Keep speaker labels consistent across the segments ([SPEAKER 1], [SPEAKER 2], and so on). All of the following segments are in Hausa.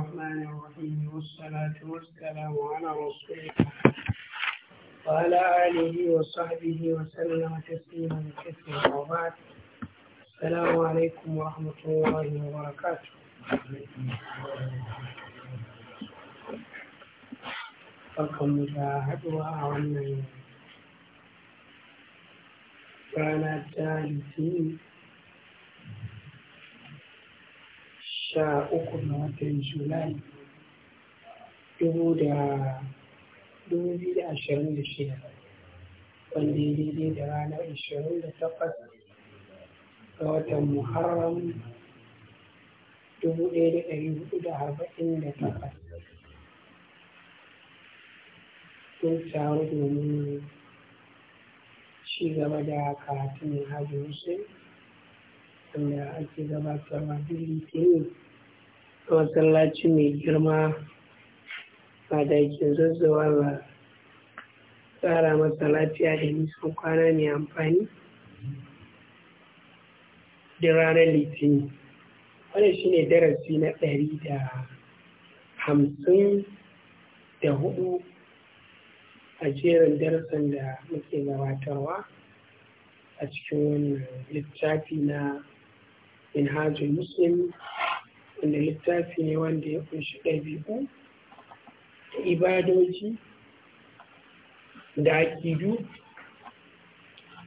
[SPEAKER 1] الرحمن الرحيم والصلاة والسلام على رسول الله وعلى آله وصحبه وسلم تسليما كثيرا وبعد السلام عليكم ورحمة الله وبركاته فكم مشاهدها عن رانا الثالثين sha uku na watan julai dubu da dubu biyu da ashirin da shida wanda ya daidai da ranar ashirin da takwas ga watan muharram dubu ɗaya da ɗari hudu da arba'in da takwas sun taru domin ci gaba da karatun hajji musulmi da ake gabatarwa duk yi a masallaci mai girma a dakin zazzawa ba tsara masa a da nisan kwana mai amfani da ranar litinin wannan shi ne darasi na ɗari da hamsin da hudu a jerin darasin da muke gabatarwa a cikin wannan littafi na min hajo muslim wanda littafi ne wanda ya kunshi ɗabi'u da ibadoji da akidu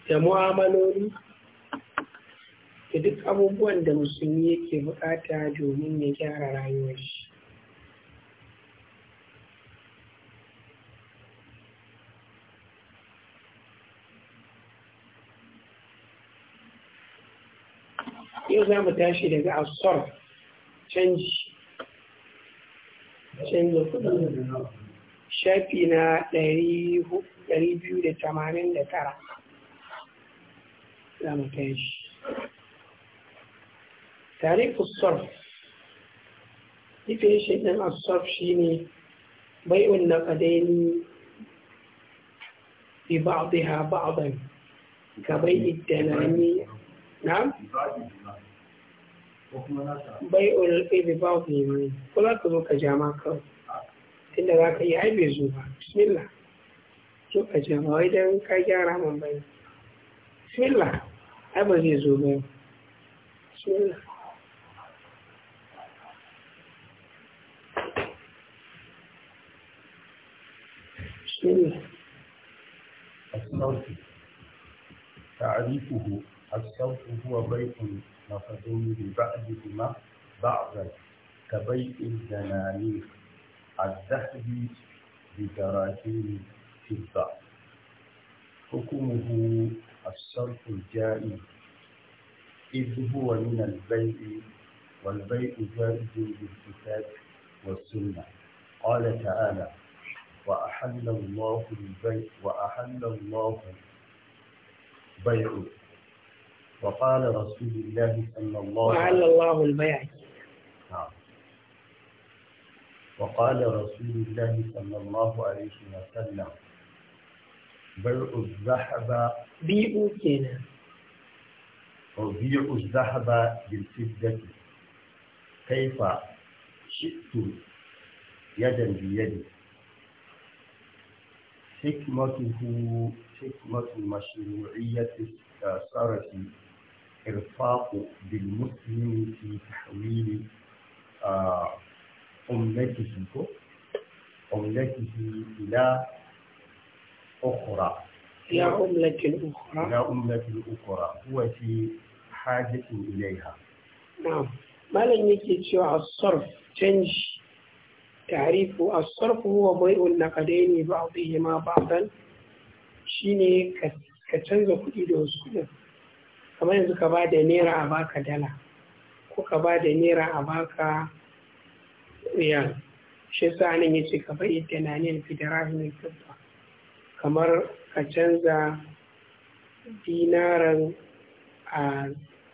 [SPEAKER 1] da mu'amalori, da duk abubuwan da musulmi yake bukata domin ya gyara rayuwar shi يقول لك أنا أشتري لك الصرف change change شابينا لريه لريبيو لتمانين لترى لا مكانش تاريخ الصرف يفعل شيء من الصرف شيني بيع النقدين ببعضها بعضا كبيع الدنامي نعم bai ulƙi bi ba ku yi ko za ka zo ka ja ma kawai tunda za ka yi ai bai zo ba bismillah zo ka ja ma wai dan ka gyara man bai bismillah ai ba zai zo ba bismillah bismillah
[SPEAKER 2] تعريفه الصوت هو بيت مفهوم ببعدهما بعضا كبيت الزنانيق الذهب في الضعف حكمه الصرف الجائز إذ هو من البيع والبيع جائز بالكتاب والسنة قال تعالى وأحل الله البيع وأحل الله بيعه وقال رسول الله صلى الله عليه وسلم وعلى
[SPEAKER 1] الله البيع
[SPEAKER 2] نعم. وقال رسول الله صلى الله عليه وسلم بيع الذهب بيعوا كنا وبيع الذهب بالفضة كيف شئتم يدا بيد حكمته حكمة مشروعية الصرف إرفاق بالمسلم في تحويل آه، أمته أمته إلى أخرى إلى أملة أخرى إلى أملة أخرى هو في
[SPEAKER 1] حاجة إليها نعم ما لن يكي الصرف تنج تعريف الصرف هو بيع النقدين بعضهما بعضا شيني ka إلى kuɗi kamar yanzu ka ba da naira a baka dala ko ka ba da naira a baka riyal shi sa nan ya ce ka bai dinanin fidirahimin fidda kamar ka canza dinaran a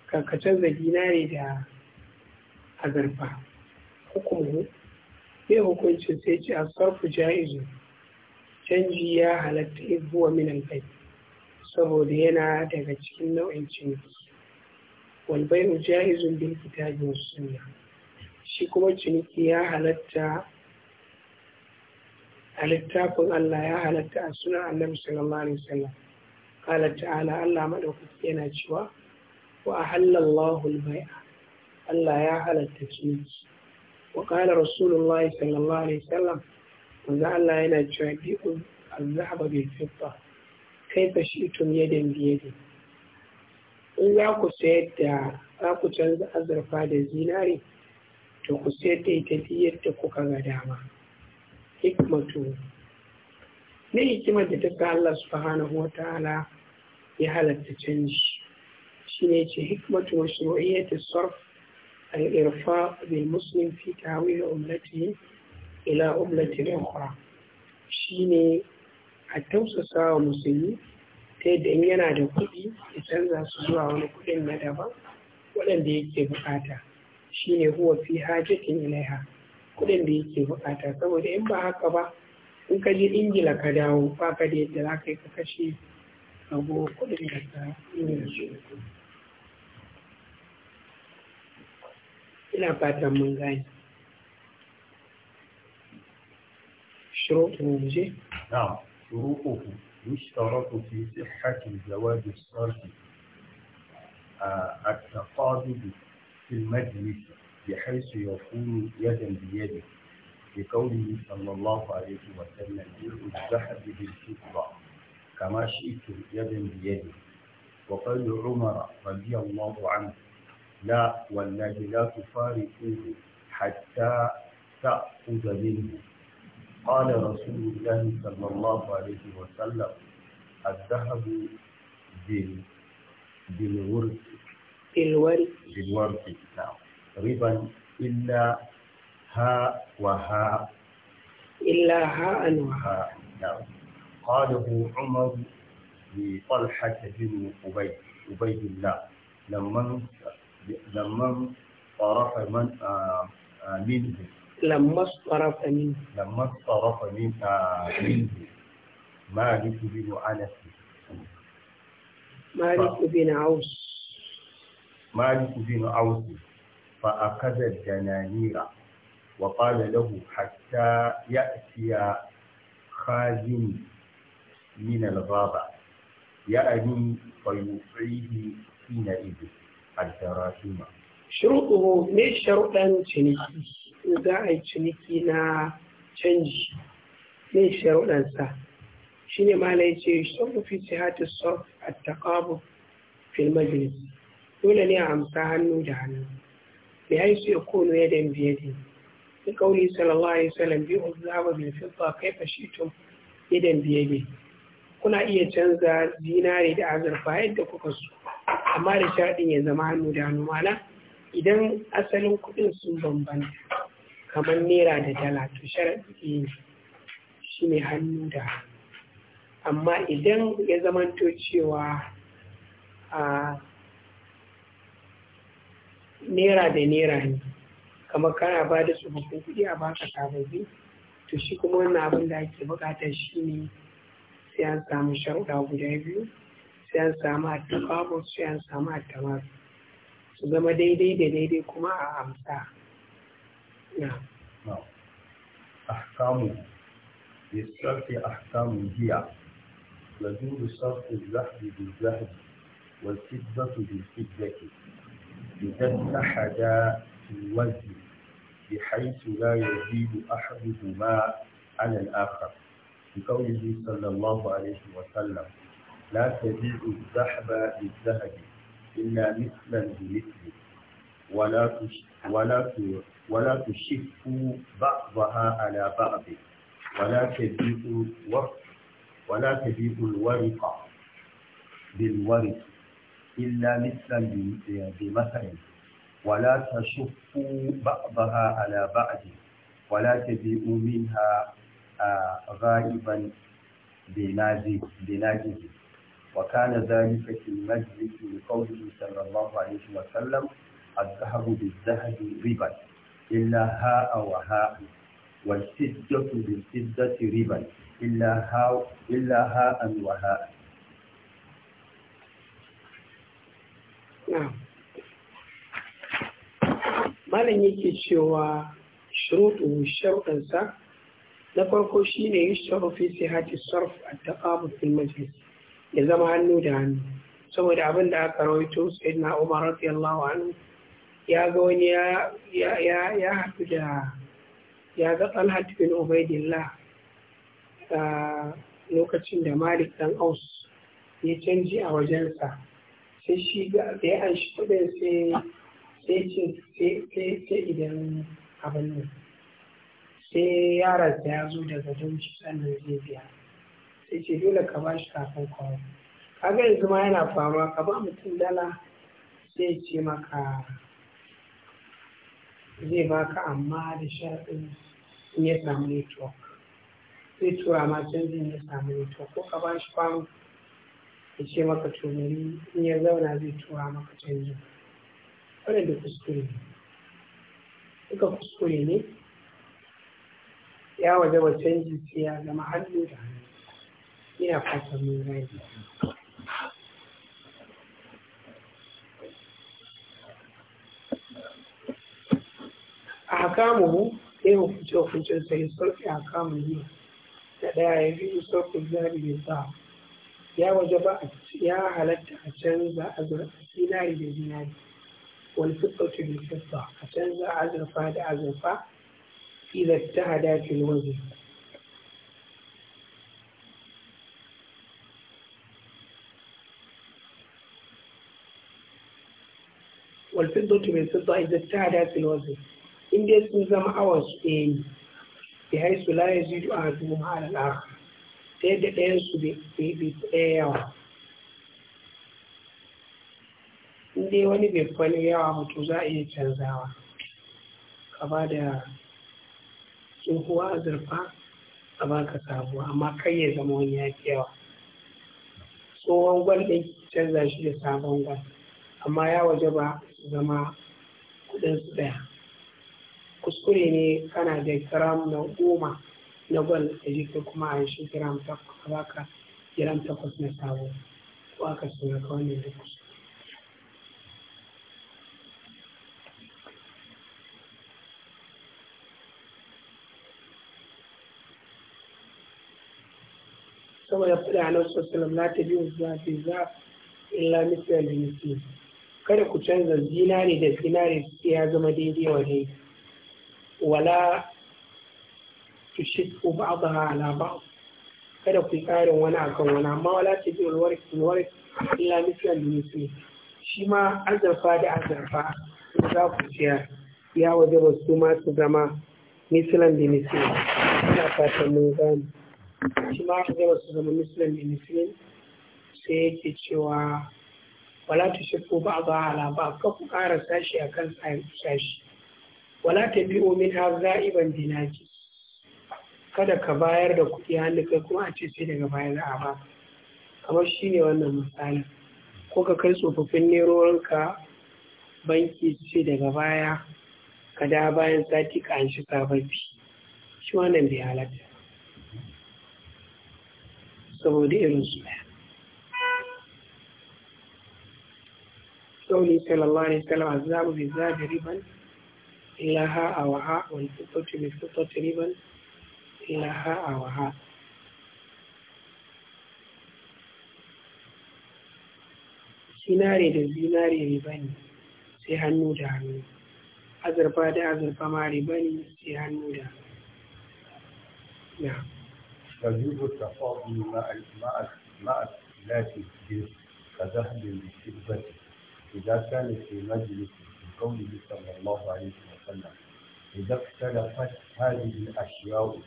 [SPEAKER 1] ka canza dinari da azurfa hukumu bai hukuncin sai ce a sarfu ja'izu canji ya halatta izuwa minan kai saboda yana daga cikin nau'in ciniki walbai jahizun bin kitabin sunna shi kuma ciniki ya halatta a littafin Allah ya halatta a sunan annabi sallallahu alaihi wasallam qala ta'ala Allah madaukaki yana cewa wa ahallallahu al-bai'a Allah ya halatta ciniki wa qala rasulullahi sallallahu alaihi wasallam wanda Allah yana cewa bi'u al-zahaba bil fidda kai ka shi tun yadan biyadi in za ku sayar da za ku canza azurfa da zinari to ku sayar da ita yadda kuka ga dama hikmatu ne hikimar da ta Allah subhanahu wa ta'ala ya halatta canji ne ce hikmatu mashru'iyyat as-sarf al-irfa bil muslim fi ta'wil umratihi ila umratin ukhra shine a tausasa wa musulmi ta yadda in yana da kuɗi ya canza su zuwa wani kuɗin na daban waɗanda yake buƙata shi ne huwa fi hajjatin ilaiha kuɗin da yake buƙata saboda in ba haka ba in ka je ingila ka dawo ba ka da yadda za ka yi ka kashe rago kuɗin da ka ingila su ina fatan mun gani shiro mu شروطه
[SPEAKER 2] يشترط في صحة الزواج الصالح آه، التقابل في المجلس بحيث يكون يدا بيد لقوله صلى الله عليه وسلم بيع الذهب بالفضة كما شئتم يدا بيد وقال عمر رضي الله عنه لا والذي لا تفارقوه حتى تأخذ منه قال رسول الله صلى الله عليه وسلم الذهب بال بالورد بالورد بالورد نعم ربا إلا ها وها
[SPEAKER 1] إلا ها
[SPEAKER 2] وها نعم قاله عمر لطلحة بن عبيد عبيد الله لمن لمن طرف من آه آه منه لما اصطرف منه لما اصطرف من منه مالك بن أنس
[SPEAKER 1] مالك بن عوس
[SPEAKER 2] مالك بن عوس فأخذ الجنانير وقال له حتى يأتي خازن من الغابة يأني فيعطيه حينئذ الجراثيم
[SPEAKER 1] شروطه ليش شرطا شنيعا za a yi ciniki na canji ne sharuɗansa shi ne mala ya ce sun fi ci hati sof a taƙabu majalis dole ne a amsa hannu da hannu bi haisu ya kono ya dan biye ne da kauli sallallahu alaihi wasallam bi uzaba bil fidda kaifa shitum idan biye ne kuna iya canza zinare da azurfa yadda kuka so amma da shaɗin ya zama hannu da hannu mana idan asalin kuɗin sun bambanta kamar nera da dala to sharaɗi shi ne hannu da amma idan ya zamanto cewa a nera da nera ne kamar kana ba da tsofaffin kuɗi a baka sababbi to shi kuma wannan abin da ake bukata shi ne sai an samu sharuɗa guda biyu sai an samu attafabus sai an samu attamasu su zama daidai da daidai kuma a amsa نعم
[SPEAKER 2] أحكامه للشرط أحكام هي يجوز شرط الزحف بالزحف والفضة بالفضة إذا اتحدا في الوزن بحيث لا يزيد أحدهما على الآخر بقوله صلى الله عليه وسلم لا تبيع الذهب بالذهب إلا مثلا بمثله ولا ولا ولا تشفوا بعضها على بعض ولا تبيئوا الورق ولا تبيئوا الورقة بالورق إلا مثلا بمثل ولا تشفوا بعضها على بعض ولا تبيئوا منها آه، غائبا بناجز وكان ذلك في المجلس لقوله صلى الله عليه وسلم الذهب بالذهب ربا إلا هاء وهاء والسدة بالسدة ربا إلا ها إلا هاء وهاء
[SPEAKER 1] نعم ما نيجي سوى شروط وشرط سا نقول كل شيء يشتغل في صحة الصرف التقابل في المجلس إذا ما عنده عنده سوى دعوة عند أكرويتوس سيدنا عمر رضي الله عنه ya ga wani ya haɗu da ya ga talhat bin ubaidillah a lokacin da malik dan aus ya canji a wajensa sai shi ga ya an shi kudin sai sai idan abin ne, sai yaran da ya zo daga dauci sannan zai biya sai ce dole ka ba shi kafin kawo kaga yanzu ma yana fama ka ba mutum dala sai ce maka zai baka amma da sharaɗin in ya samu network zai tura ma canjin ya samu network ko ka ba shi famu ya ce maka tumuri in ya zauna zai tura maka canjin da kuskure ne duka kuskure ne ya waje wa canji sai ya zama hannu da hannu ina fatan mun gani أحكامه إيه في جو في جو زي صرف أحكامه كذا يجي صرف الذهب يضاع يا وجب يا على عشان ذا أجر سيناري بزيناري والفضة بالفضة عشان ذا أجر فهد أجر فا إذا اجتهد في الوزن والفضة الفضة إذا اجتهد في الوزن in dai sun zama awon su ɗaya ne bi haisu la ya zidu a hadu da ɗaya ta yadda ɗayan su bai ɗaya yawa in dai wani bai wani yawa mutu za a iya canzawa ka ba da tsohuwa azurfa a baka sabuwa amma kai ya zama wani ya fi yawa tsohon gwal ɗin canza shi da sabon gwal amma ya waje ba zama kuɗin su ɗaya kuskure ne kana da gram na goma na gwal da jikin kuma a shi gram takwas baka gram takwas na sabo ko aka suna ka wani da kuskure saboda faɗa a nasu na ta biyu zuwa fi za illa da misali kada ku canza zinare da zinare ya zama daidai wa daidai wala tushiku بعضها على بعض kada ku karin wani akan wani amma wala ta ji walwarik walwarik illa da misli shi ma azarfa da azarfa za ku siya ya waje ba su ma su zama mislan da mislan ina fatan mun gane shi ma waje ba su zama mislan da mislan sai yake cewa wala ba ba ala ba ka ku kara sashi akan sashi wala ta biyo min ha za'iban dinaki kada ka bayar da kuɗi hannu kai kuma a ce sai daga baya za a ba kamar shi ne wannan misali ko ka kai tsofaffin ka banki ce daga baya ka da bayan sati ka an shi sababbi shi wannan bai halatta saboda irin su ɗaya قوله صلى الله عليه وسلم عذاب بالذات ربا إلا ها أو ها والفضة بالفضة ربا إلا ها أو ها سيناري da zinare riba ne sai hannu da hannu azurfa da azurfa ma
[SPEAKER 2] نعم ne التفاضل مع مع مع اختلاف الجنس كذهب بالشبهة إذا كان في مجلس بقوله صلى الله عليه وسلم وسلم إذا اختلفت هذه الأشياء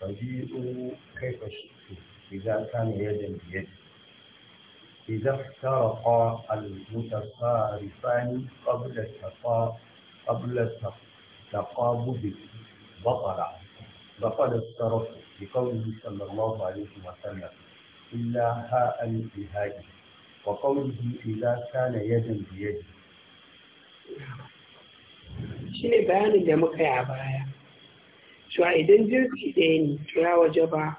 [SPEAKER 2] فجيئوا كيف شئتم إذا كان يدا بيد إذا افترقا المتصارفان قبل قبل تقابض بطل بطل الصرف بقوله صلى الله عليه وسلم إلا هاء الجهاد وقوله إذا كان يدا بيد
[SPEAKER 1] shi ne bayanin da muka yi a baya cewa idan jinsi ɗaya ne to ya waje ba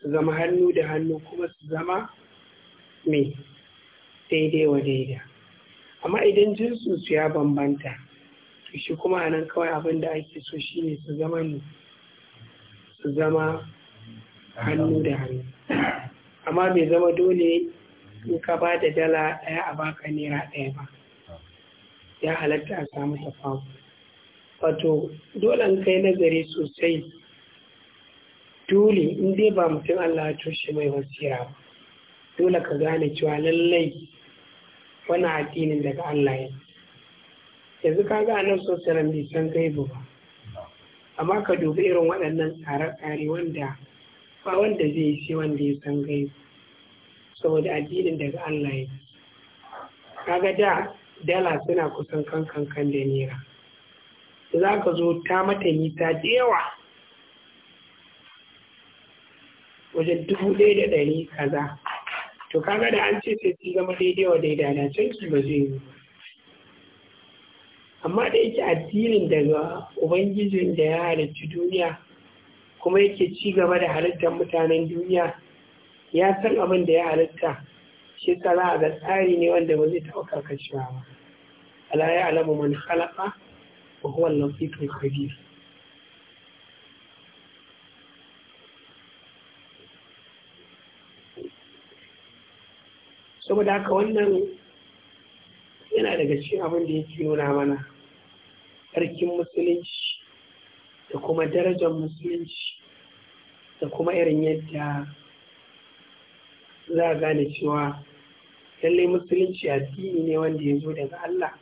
[SPEAKER 1] su zama hannu da hannu kuma su zama mai daidai wa daida amma idan jinsu su ya bambanta to shi kuma a nan kawai abin da ake so shi ne su zama ne su zama hannu da hannu amma bai zama dole in ka ba da dala ɗaya a baka naira ɗaya ba ya halatta a samu tafawu wato dole an kai nazari sosai dole in dai ba mutum Allah ya toshe mai wasira ba dole ka gane cewa lallai wani addinin daga Allah ya yanzu ka ga nan so bai san gaibu ba amma ka dubi irin waɗannan tsare-tsare wanda ba wanda zai yi shi wanda ya san gaibu saboda addinin daga Allah ya Ka ga da dala suna kusan kankan kan da naira za ka zo ta mata nisa da yawa wajen dubu ɗaya da ɗari kaza to kaga da an ce sai su zama daidai wa daidai da canki ba zai yi amma da yake addinin daga ubangijin da ya halarci duniya kuma yake ci gaba da halittar mutanen duniya ya san abin da ya halitta shi tsara a ga tsari ne wanda ba zai taɓa karkacewa ba ala ya alamu man halaka ba huwa al-latiful saboda haka wannan yana daga cikin abin da yake nuna mana ƙarkin musulunci da kuma darajar musulunci da kuma irin yadda za a gane cewa lallai musulunci addini ne wanda ya zo daga Allah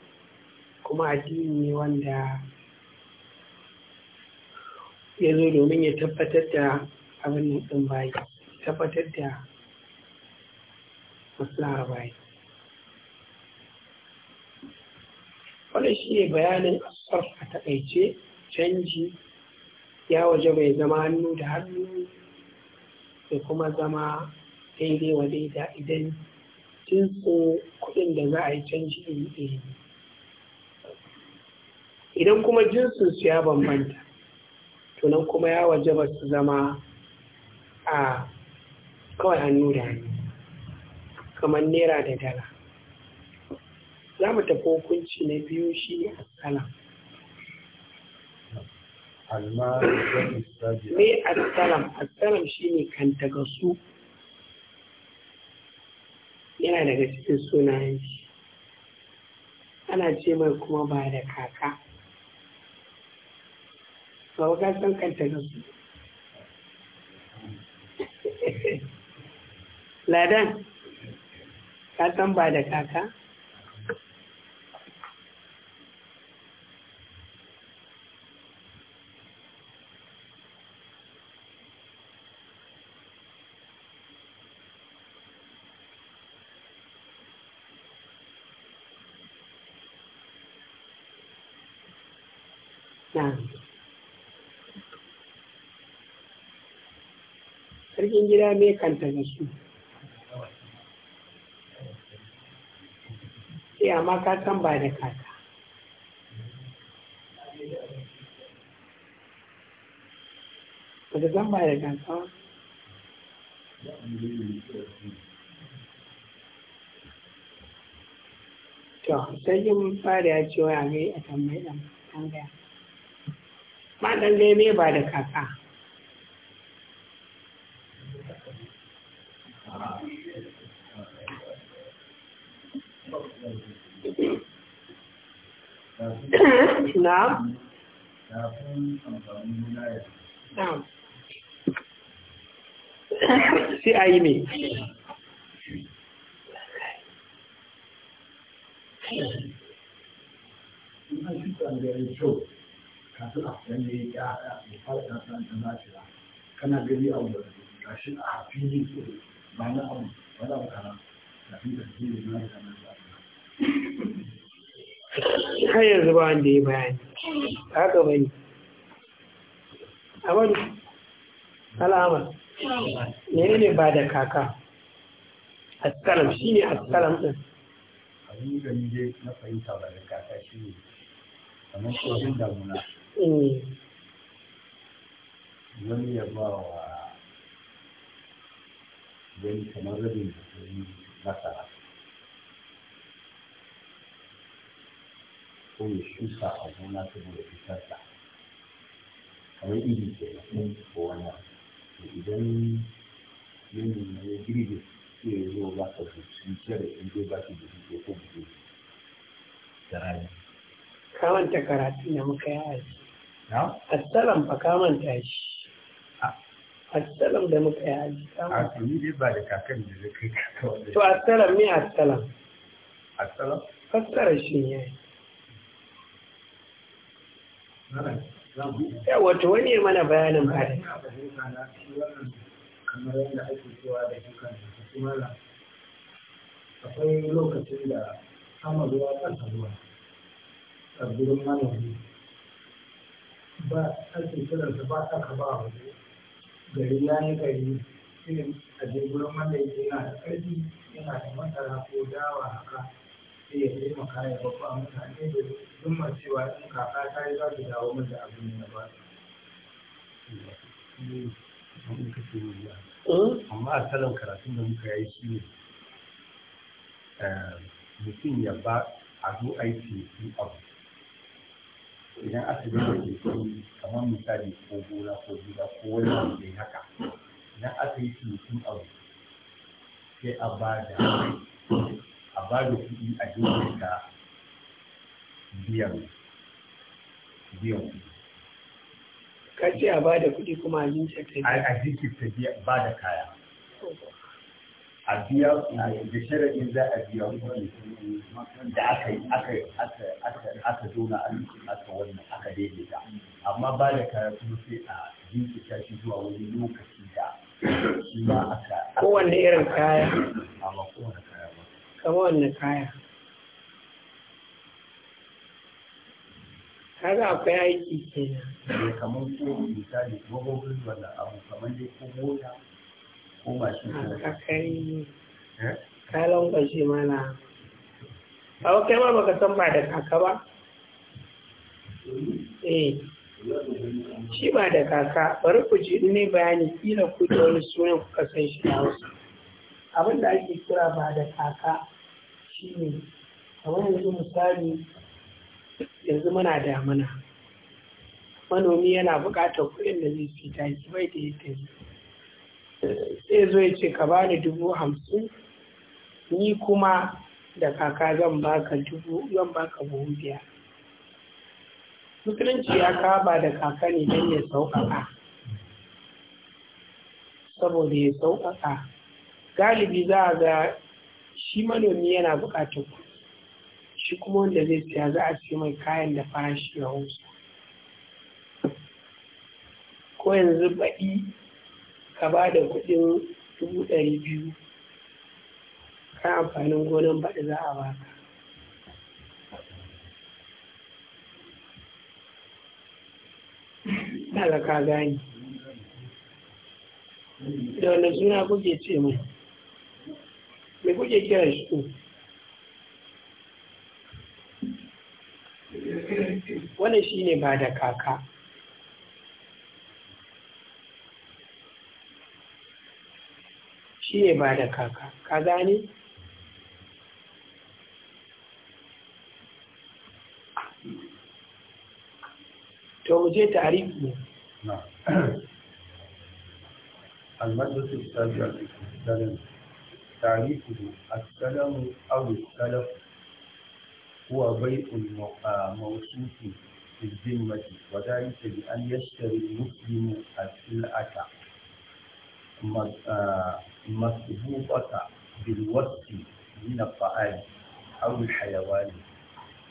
[SPEAKER 1] kuma addini ne wanda ya zo domin ya tabbatar da abin ɗin bayi tabbatar da maslahar bayi wannan shi ne bayanin asar a taƙaice canji ya waje bai zama hannu da hannu da kuma zama daidai wa daidai idan kintso kuɗin da za a yi canji iri idan kuma jinsin su ya bambanta tunan kuma ya waje ba su zama a kawai hannu da hannu kamar naira da dala za mu tafi hukunci na biyu shi a tsala
[SPEAKER 2] me assalam
[SPEAKER 1] shi shine kan su yana daga cikin sunayen shi ana ce mai kuma ba da kaka ba ka san kanta da su ladan ka san ba da kaka sarkin gida mai kanta da su sai amma ka san ba da kaka ba da san ba da kaka to sai yin fara ya ce wa a gai a tambayi tambaya ba ɗan ne ba da kaka na sai a yi
[SPEAKER 2] kafin a fitan ne ya haɗa ya fara ta san ta kana gani a wuri gashi a fili so ba na
[SPEAKER 1] abu ba na kana kafin ta na da na da na har yanzu ba wanda ya bayani haka bane amadu al'amar ne ne ba da kaka askalam shi ne askalam ɗin
[SPEAKER 2] abin da ni na fahimta ba da kaka shi ne kamar tsohon damuna wani eh. ya ba wa wani kamar rabin da yi masara ko ya shuka a gona saboda fitarsa kamar iri ke nan ko wani idan yanayi na ya girbe sai ya zo ba ka zuciya da in ba ki da zuciya ko buɗe da rani.
[SPEAKER 1] Kamanta karatu da muka yi aji. assalam fa ka manta shi assalam da muka yi haji a tuni dai ba da kakan da zai kai kaka to assalam ne assalam assalam fassara shi ne yawa to wani mana bayanin ba da kamar yadda ake cewa da dukkan
[SPEAKER 2] da akwai lokacin da sama ruwa kan ruwa tsibirin manomi ba ake kiransa ba ka ba wa gari ya yi gari irin a je gurin yana da ƙarfi yana da masara ko dawa haka sai ya taimaka ya babba mutane da zumma cewa in kaka ta yi za su dawo mun da abin da ba hmm? amma a salon karatun da muka yi shi ne eh, mutum ya ba a zo aiki abu idan aka yi da ke kamar misali ko gona ko gida ko wani abu da haka idan aka yi cinikin abu sai a ba da a ba da kuɗi a ka biyan biyan kuɗi
[SPEAKER 1] kace a ba da kuɗi kuma a jinkirta a biya ba da kaya
[SPEAKER 2] a biya da sharaɗin za a biya kuɗi da aka yi aka zauna aka wannan aka daidaita amma ba da kuma sai a jinkita shi zuwa wani lokaci da shi ma aka kowanne irin kaya
[SPEAKER 1] amma kowanne kaya ba kama wanne kaya kaga akwai aiki kenan eh, kamar ko
[SPEAKER 2] misali dogon wannan abu kamar dai ko mota
[SPEAKER 1] ko ba shi ka kai eh? ka lankwashe mana a kai ma baka san ba da kaka ba eh shi ba da kaka bari ku ji ne bayani kila ku da wani sunan kuka san shi na wasu abin da ake kira ba da kaka shi ne kamar yanzu misali yanzu muna damuna manomi yana buƙatar kuɗin da zai fi taki bai da yadda sai zo ya ce ka bani dubu hamsin ni kuma da kaka zan baka dubu zan baka buhu biyar musulunci ya kaba da kaka ne don ya sauƙaƙa saboda ya sauƙaƙa galibi za a ga shi manomi yana buƙatar ku, shi kuma wanda zai siya za a ce mai kayan da farashi ya hausa ko yanzu baɗi ka ba da kuɗin dubu ɗari biyu ka amfanin gonan baɗi za a baka daga ka gani da wanda suna kuke ce mai mai kuke kira shi ko wannan shi ne ba da kaka shi ya ba da kaka ka gani to mu je tarihi
[SPEAKER 2] ne المجلس السابع السلام تعريفه السلام أو السلف هو بيع موصوف في الذمة وذلك بأن يشتري المسلم السلعة مضبوطة آه، بالوصف من الطعام أو الحيوان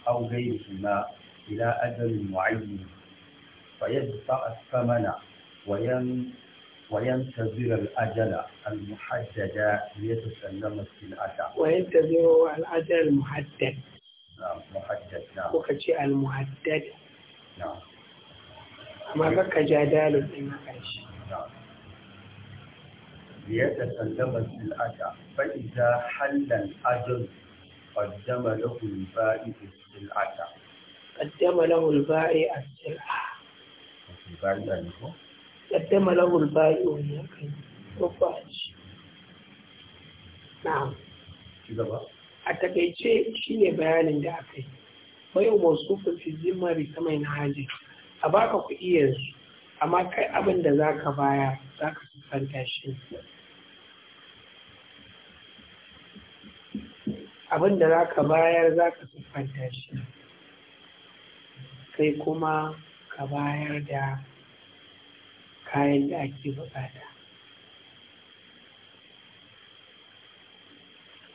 [SPEAKER 2] أو غيرهما إلى أجل معين فيدفع الثمن وينتظر الأجل المحدد
[SPEAKER 1] ليتسلم السلعة وينتظر الأجل المحدد نعم محدد نعم وكشي المحدد نعم ما بك جدال
[SPEAKER 2] في مكانش ليتسلم السلعة فإذا حل الأجل قدم له البائع السلعة
[SPEAKER 1] قدم له البائع السلعة قدم له البائع a takaice shine bayanin da aka yi bayan wasu fi zimma bi sama na haji a baka kuɗi yanzu amma kai abin da za ka baya za ka sufanta shi abin da za ka bayar za ka siffanta shi kai kuma ka bayar da kayan da ake bukata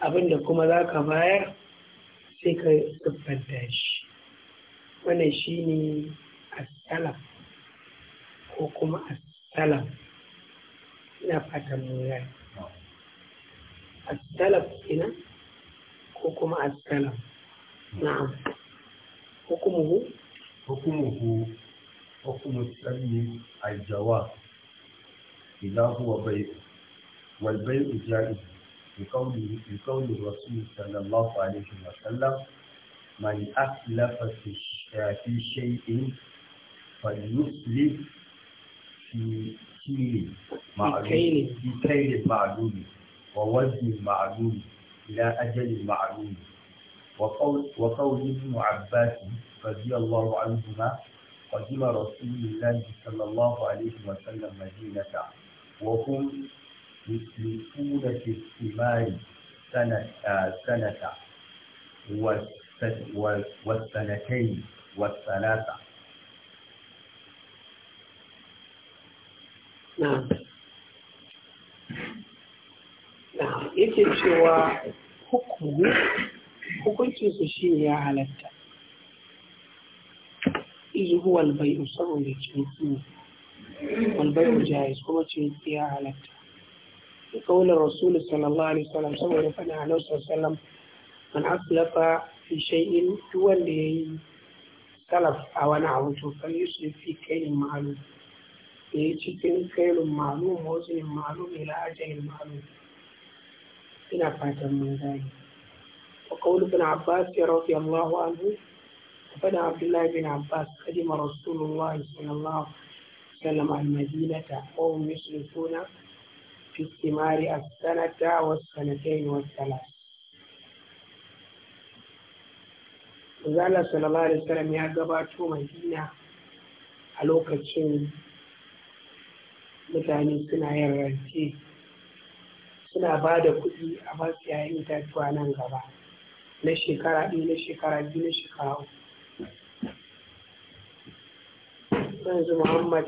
[SPEAKER 1] abin da kuma za ka bayar sai ka siffanta shi wannan shi ne assalam ko kuma assalam ina fatan mu a assalam ina. حكم السلف نعم
[SPEAKER 2] حكمه حكمه حكم السلم الجواب إذا هو بيع والبيع جائز بقول بقول الرسول صلى الله عليه وسلم من أخلف في شيء فليسلف في كيل معلوم في كيل معلوم ووزن معلوم إلى أجل معلوم وقول, ابن عباس رضي الله عنهما قدم رسول الله صلى الله عليه وسلم مدينة وهم مثل في الثمار سنة آه، سنة والسنتين والثلاثة
[SPEAKER 1] نعم yake cewa hukumu su shi ne ya halatta izu huwal bai'u saboda ciniki ne wal bai'u su kuma ciniki ya halatta da kaunar rasulu sallallahu alaihi wasallam saboda faɗin alaihi wasallam man aslafa fi shay'in duk wanda yi salaf a wani abu to fa yusuf fi kailin ma'lum ya cikin kailin ma'lum wa waznin ma'lum ila ajalin ma'lum ina fatan mun gani wa qawlu ibn abbas radiyallahu anhu fada abdullahi bin abbas qadim rasulullah sallallahu alaihi wasallam al madinata wa hum yusrifuna fi istimari as-sanata wa sanatayn wa thalath Zala sallallahu alaihi wasallam ya gabato Madina a lokacin mutane suna yin rantsi suna ba da kuɗi a ba yayin itatuwa nan gaba na shekara ɗaya na shekara biyu na shekara uku yanzu muhammad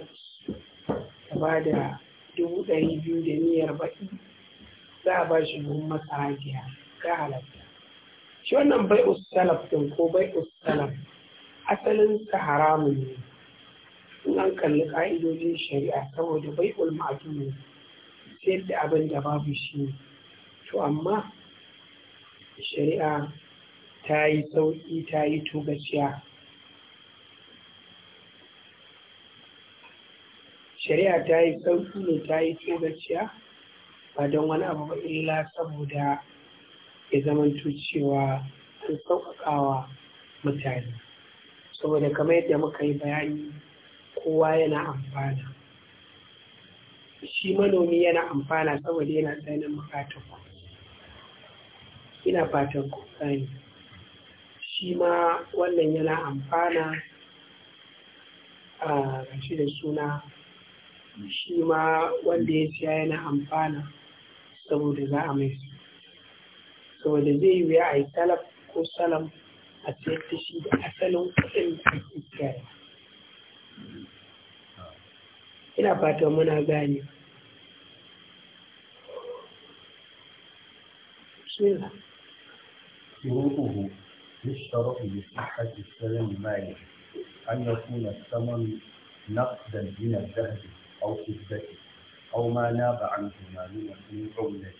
[SPEAKER 1] ta ba da dubu ɗari biyu da niyyar baƙi za a ba shi buhun masara biya ga halatta shi wannan bai salaf din ko bai salaf asalin sa haramun ne in an kalli ka'idojin shari'a saboda bai ulmatu ne sayar abin da babu shi to amma shari'a ta yi sauƙi ta yi tugaciya shari'a ta yi sauƙi ne ta yi tugaciya ba don wani abu ba illa saboda ya zamanto cewa an sauƙaƙawa mutane saboda kamar yadda muka yi bayani kowa yana amfana shi manomi yana amfana saboda yana tsanin bukatar ku ina fatan ku tsani shi ma wannan yana amfana a gashi da suna shi ma wanda ya siya yana amfana saboda za a mai saboda zai yi wuya a yi talab ko salam a siyar da shi da asalin kuɗin da ake kiyaye ina fatan muna gani. الشيخ
[SPEAKER 2] شروطه يشترط لصحة السلم المالي أن يكون الثمن نقدا من الذهب أو فضته أو ما ناب عنهما من عملة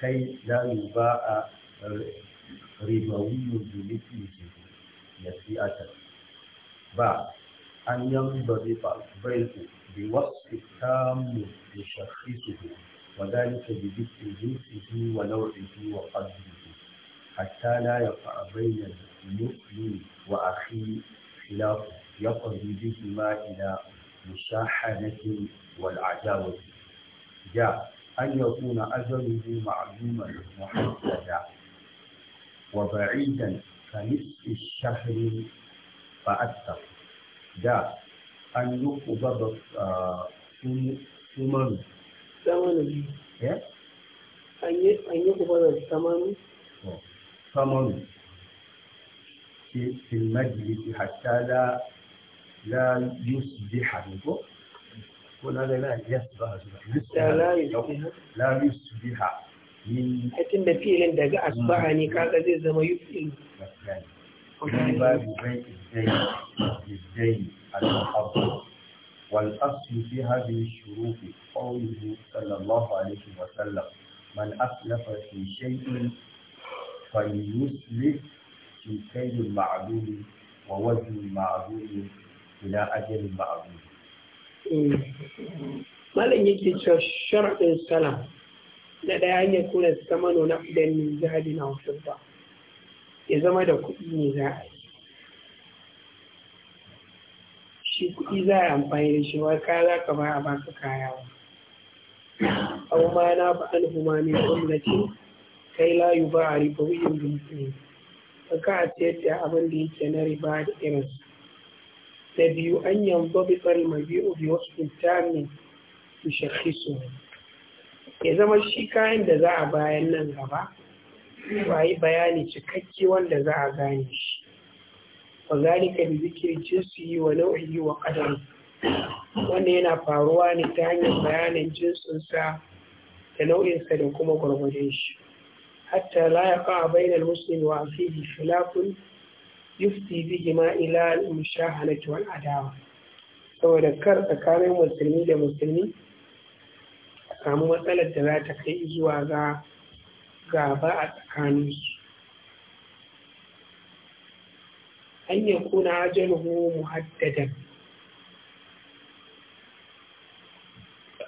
[SPEAKER 2] كي لا يباع ربوي بمثله نسيئة باع أن ينضبط البيت بوصف تام يشخصه وذلك بذكره جنسه ونوعه وقدره حتى لا يقع بين المؤمن وأخيه خلاف يقضي بهما إلى مشاحنة والعداوة جاء أن يكون أجله معلوما محددا وبعيدا كنصف الشهر فأكثر جاء أن يقبض آه، ثمن
[SPEAKER 1] samanu an yi kuma da samanu
[SPEAKER 2] samanu في المجلس حتى لا لا يصبح na
[SPEAKER 1] ولا لا يصبح حتى لا يصبح لا يصبح من حتى ده daga asbaha ne kaga zai zama yufil ba ba bai
[SPEAKER 2] dai dai al والأصل في هذه الشروط قوله صلى الله عليه وسلم من أسلف في شيء فليسلف في كيد المعدوم ووجه المعدوم إلى أجل المعدوم.
[SPEAKER 1] malam yake cewa sharaɗin salam na ɗaya hanyar kuna zama nuna da ni zahadi na wasu ba ya zama da kuɗi ne za a yi shi kuɗi za a amfani da shi wai kaya za ka ba a baka kaya wa abu ma na ba an huma min gwamnati kai layu ba a riba wuyin bilfini ba ka a ce da abin da yake na riba da su Da biyu an yanzu bi tsari mai biyu bi wasu ne su su ya zama shi kayan da za a bayan nan gaba ba yi bayani cikakke wanda za a gane shi fazalika bi zikri jinsi wa nau'ihi wa qadari wannan yana faruwa ne ta hanyar bayanin jinsinsa da nau'insa da kuma gwargwadon shi hatta la yaqa bainal muslimi wa afihi khilafun yufti bihi ma ila al-mushahalati wal adawa saboda kar tsakanin musulmi da musulmi samu matsalar da za ta kai zuwa ga gaba a tsakaninsu an yi kuna ajalhu muhaddadan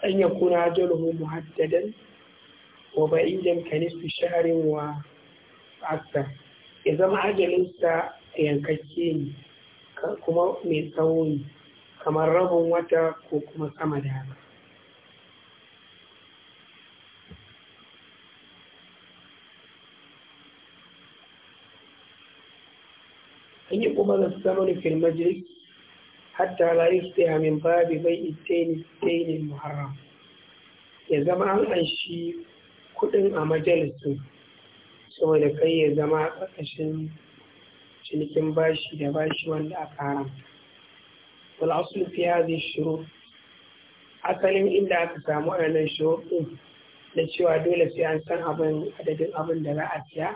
[SPEAKER 1] an yi kuna ajalhu muhaddadan wa kanisu wa asa ya zama ajalinsa yankacce ne kuma mai tsawo kamar rabin wata ko kuma sama da haka أن يقبل الثمن في المجلس حتى لا يفتح من باب بيع التين التين المحرم ya zama an anshi kuɗin a majalisun saboda kai ya zama ƙarƙashin cinikin bashi da bashi wanda aka haramta wal asul fi hadhihi shurut asalin inda aka samu wannan shurut din na cewa dole sai an san abin adadin abin da za a siya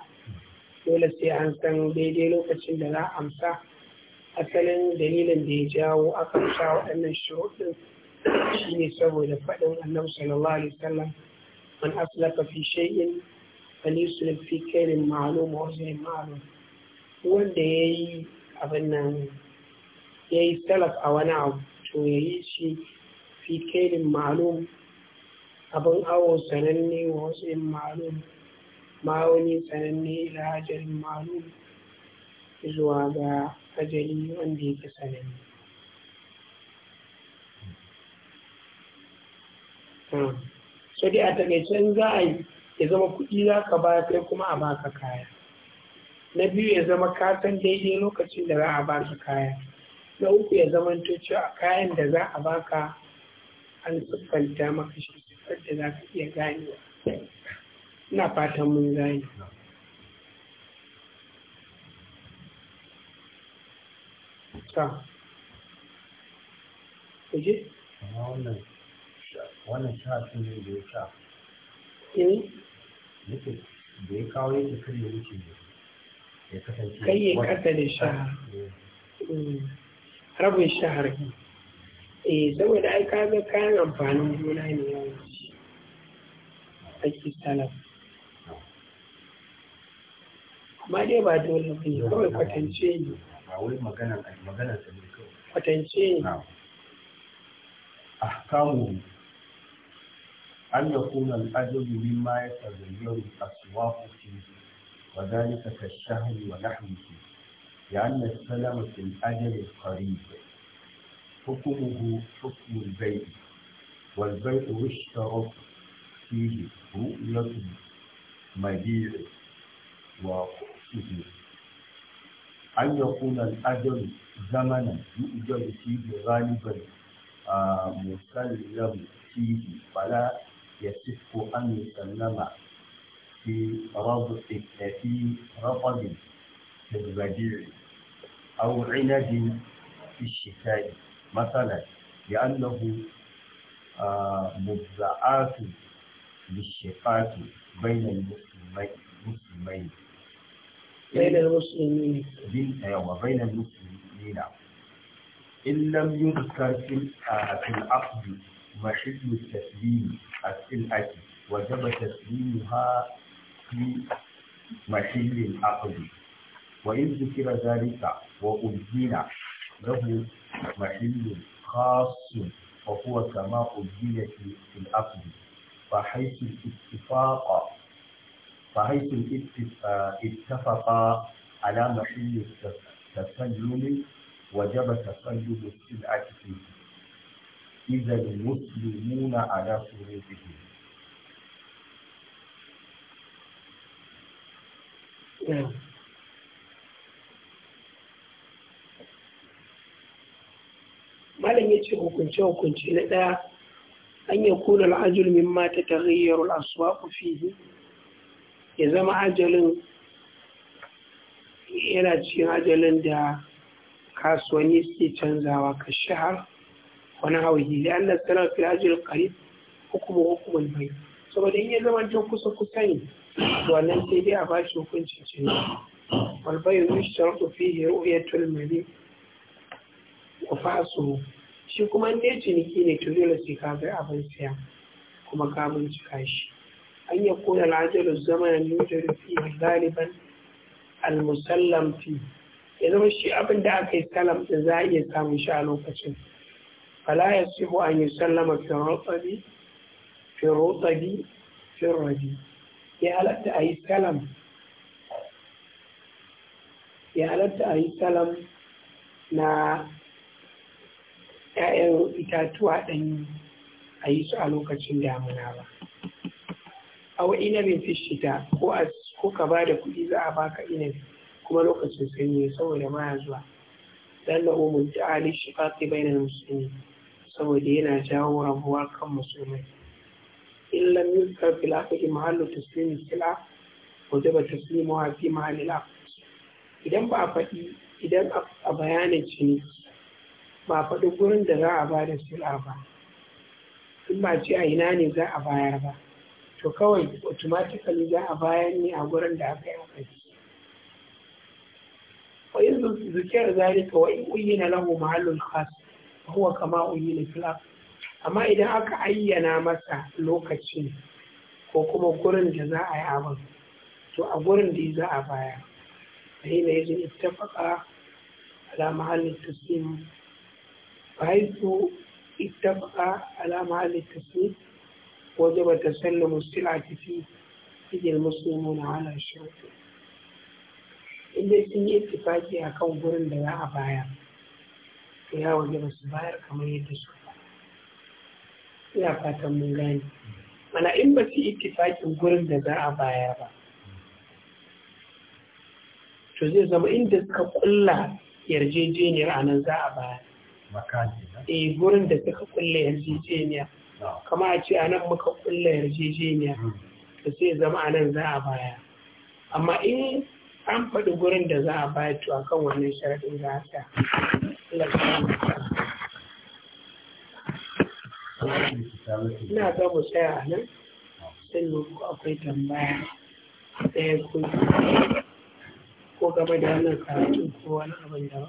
[SPEAKER 1] dole sai an san daidai lokacin da za a amsa asalin dalilin da ya jawo aka sha waɗannan shuruɗin shine saboda faɗin annabi sallallahu alaihi wasallam man aslaka fi shay'in falislim fi kairin ma'alum wa wajen ma'alum wanda ya yi abin nan salaf a wani abu to ya yi shi fi kairin ma'alum abin awo sananne wa wajen malum ma'auni sananne ila ajalin ma'lum zuwa ga ajali wanda yake sananne hmm. so dai a takaicen za a yi ya zama kuɗi za ka ba kai kuma a baka kaya na biyu ya zama ka daidai lokacin da za a baka kaya na uku ya zama a kayan da za a baka an siffanta maka shi siffar da za ka iya ganewa na fatan mun gani ta amma wannan
[SPEAKER 2] wannan shafin ne da ya sha ini? Eh? yake da ya kawo yake karye wuce ne ya kasance kai ya kasa da shahar
[SPEAKER 1] eh. rabin shahar eh saboda ai ga kayan amfanin gona ne yawanci ake talafa amma dai ba dole ba ne kawai kwatance ne ba wai magana magana ta ne kawai kwatance ta
[SPEAKER 2] ahkamu an yakuna al-ajabu mimma yatazayyaru aswaqu fihi وذلك كالشهر ونحوه لأن السلام في الأجل القريب حكمه حكم البيع والبيع يشترط فيه رؤية مبيع أن يكون الأجل زمنا يؤجل فيه غالبا آه، مسلم فيه فلا يصح أن يسلم في ربط في رطب في البديع أو عند في الشتاء مثلا لأنه آه، مبدعات للشقاق بين المسلمين بين المسلمين ايوه بين المسلمين نعم ان لم يذكر في العقد محل التسليم السلعه وجب تسليمها في محل العقد وان ذكر ذلك وأبين له محل خاص وهو كما أبين في العقد فحيث الاتفاق فحيث اتفقا على محل التسلل وجب تسلل السلعة فيه إذا المسلمون على شروطهم
[SPEAKER 1] malam ya ce hukunce-hukunce na ɗaya an yi kuna al'ajul mata ta ku fihi ya zama ajalin yana cikin ajalin da kasuwanni suke canzawa ka shahar wani hauhi da Allah tsara fi ajiyar kari hukumar hukumar bai saboda in ya zama can kusa kusa ne wannan sai dai a ba shi hukuncin canza walbayin mishtar tufi ya ruya tulmari ku shi kuma ne ciniki ne to dole sai ka ga abin siya kuma ka cika shi أن يكون العجل الزمن الموجود فيه غالبا المسلم فيه ya zama shi abin da aka yi salamta za a iya samun shi a lokacin fala ya siho an yi sallama firotsabi firotsabi firrabi ya halatta a ya a yi salam na ‘ya'yan itatuwa ɗanyi a yi su a lokacin damuna ba awa inabin fi shita ko a ko ka bada kuɗi za a baka inabi kuma lokacin sanyi saboda ma zuwa dan na umar shi shiqaqi bainal musulmi. saboda yana jawo rabuwa kan musulmai in lam karfi fil bata mahallu taslimi sila wajaba taslimuha fi mahalli idan ba a faɗi idan a bayanin cini ba a faɗi gurin da za a ba da sila ba in ba ce a ina ne za a bayar ba to kawai automatically za a bayan ne a gurin da aka yi amfani wa zuciyar zari ka wa uyi na lahu mahallun khas kuwa kama na fila. amma idan aka ayyana masa lokacin ko kuma gurin da za a yi abin to a gurin da za a baya a yi na yi jin ittafaka ala mahallin taslim fa haitu ittafaka ala mahallin taslim وجب تسلم السلعة فيه إذ المسلمون على شروطه inda sun yi ittifaki a kan gurin da za a baya to ya waje ba su bayar kamar yadda su ina fatan mun gane mana in ba su ittifakin gurin da za a baya ba to zai zama inda suka kulla yarjejeniyar a nan za a baya eh gurin da suka kulla yarjejeniya kama a ce anan muka kulla yarjejeniya da sai zama a nan za a baya amma in an faɗi gurin da za a baya to a kan wannan sharaɗin za a sa ina ga mu tsaya a nan sai akwai tambaya ɗaya ko ko game da wannan karatu ko wani abin da ba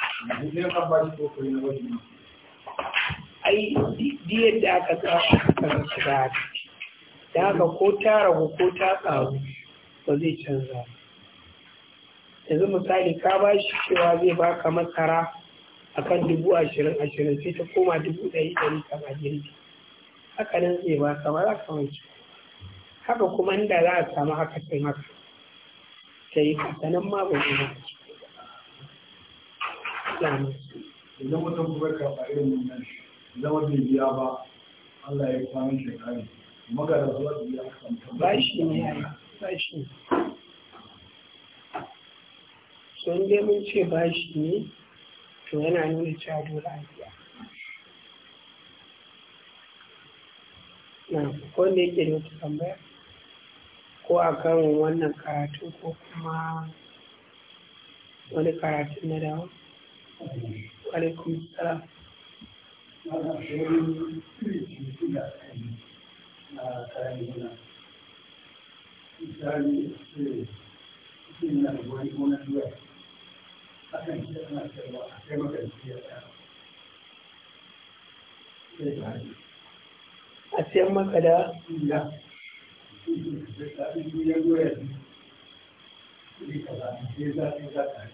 [SPEAKER 1] ai diyar da aka tsara su da haka da haka ko ta ragu ko ta karu ba zai canza yanzu misali ka ba shi cewa zai baka masara kan dubu ashirin ashirin sai ta koma dubu ɗari ɗari kama girbi haka nan zai baka ba za ka wanke haka kuma inda za a samu haka sai haka ta yi kasanan ma ba zai
[SPEAKER 2] mutane idan mutum kuma karɓa irin wannan ne ba dai mun
[SPEAKER 1] ce ba shi ne to yana nuna cewa dole a biya na wanda yake da wata tambaya ko a kan wannan karatu ko kuma wani karatu na dawa alaikum salam
[SPEAKER 2] misali ce cikin na ruwan gona duwa akan ce ana cewa a
[SPEAKER 1] kai maka jiya ɗaya sai ta haji a siyan maka da ya da ta ɗin duya duwa ya
[SPEAKER 2] zai ka za ta za ta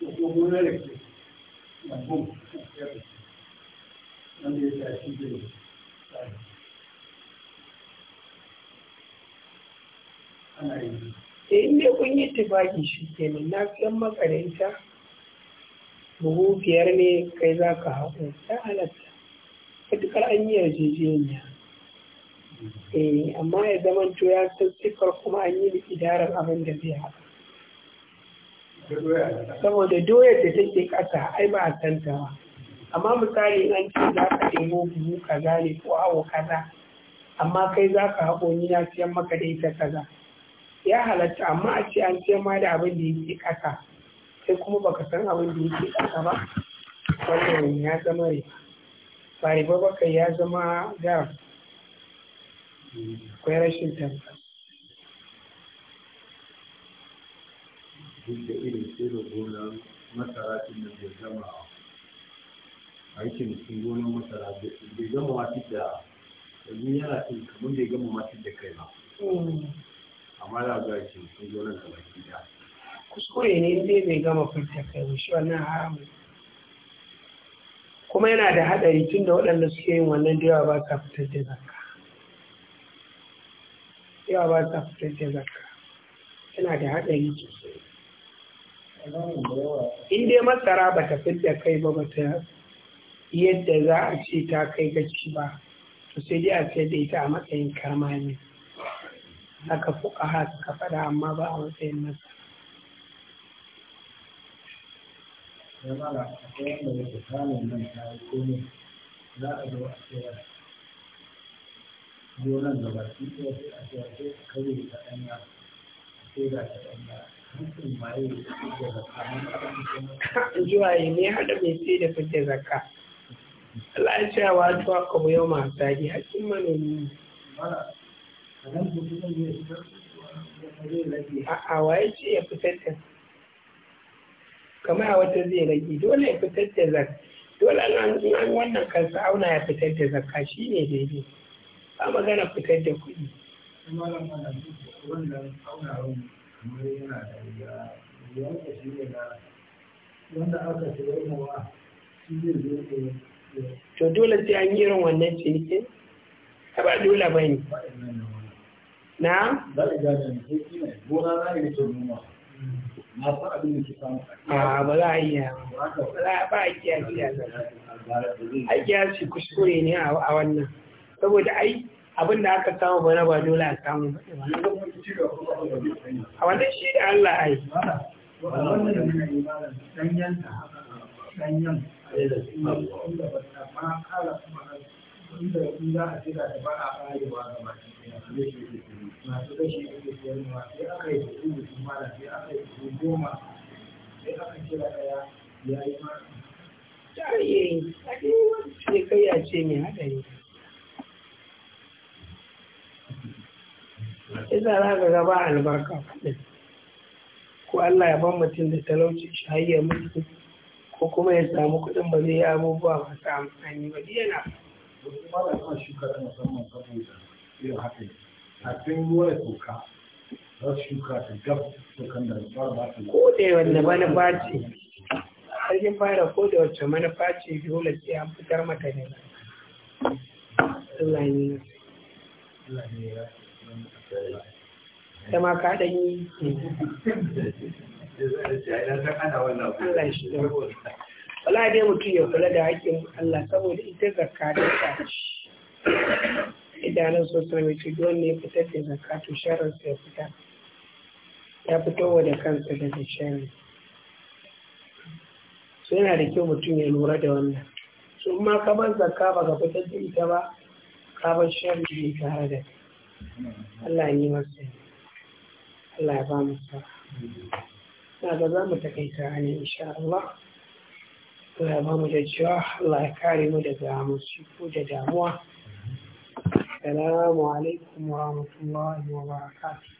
[SPEAKER 2] tsohon eh, rarrake na bom wanda
[SPEAKER 1] da inda kun yi tufaki shi kenan na fiyan makaranta buhu biyar ne kai za ka haƙo ta halatta matuƙar an yi yarjejeniya eh, amma ya zamanto ya san kuma an yi idarar abin da zai haka. saboda doyar da take kasa ai ba a tantawa amma misali an ce za ka ɗebo buhu kaza ne ko awo kaza amma kai za ka haƙo ni na siyan maka da ita kaza ya halatta amma a ce an siyan ma da abin da yake ƙasa sai kuma baka san abin da yake ƙasa ba wannan ya zama riba ba ba ya zama gara akwai rashin tabbas
[SPEAKER 2] duk da irin tsere gonar masara ɗin da bai gama aikin cikin gonar masara bai zama wata da yanzu yana cin kamar da ya gama wata da kai ba hmm. amma da ga shi cikin gonar da baki da
[SPEAKER 1] kuskure ne dai bai gama furta kai ba shi wannan haramun kuma yana da haɗari tun da waɗanda suke yin wannan da yawa ba sa fitar da zakka yawa ba sa fitar da zakka yana da haɗari sosai in dai masara ba ta fidda kai ba ba ta yadda za a ce ta kai gaci ba to sai dai a ce da ita a matsayin karmami haka fuka ka fada amma ba a matsayin masara ya mara
[SPEAKER 2] akwai wanda nan ta yi komai za a zo a cewa sai a cewa sai kawai ta ɗanya sai ga ta ɗanya yi
[SPEAKER 1] ne haɗa mai sai da fidda zakka. Allah ya ce wa tuwa kuma yau masu daji hakkin manomi. A'a waye ce ya fitar da kamar a wata zai rage dole ya fitar da zakka. Dole an wannan kansa auna ya fitar da zakka shi ne daidai. Ba magana fitar da kuɗi. to dole sai an yi irin wannan cinikin a ba dole ba ne na? za a yi a ah, ba za a ya ba a kiyasi a kuskure ne a wannan saboda ai abin da aka samu bana ba dole a samu ba.
[SPEAKER 2] a wanda shi da Allah
[SPEAKER 1] Ya yi ta yi a ɗaya wani ce a ce mai haɗari shi za ka gaba albarka faɗin ko Allah ya ban mutum da talauci shi hayya mutum ko kuma ya samu kuɗin ba zai yi abubuwa masu amfani ba diya na ko da
[SPEAKER 2] wanda manufa
[SPEAKER 1] ce fara ko da wacce manufa ce dole sai an fitar mata ne Allah ne Allah ne da ma ka da yi wala dai mutum ya kula da haƙƙin Allah saboda ita zakka da ta ci idanun sosai mai cikin don ne fitar da zakka to sharar ya fita ya fito da kansa daga sharar su yana da kyau mutum ya lura da wannan su ma kamar zakka ba ga fitar da ita ba ka ban ne tare da ta Allah ya yi masu Allah ya ba mu na ga za mu takaita ne insha Allah Allah ya ba mu da jiwa Allah ya kare mu daga musiku da damuwa Assalamu alaikum wa rahmatullahi wa barakatuh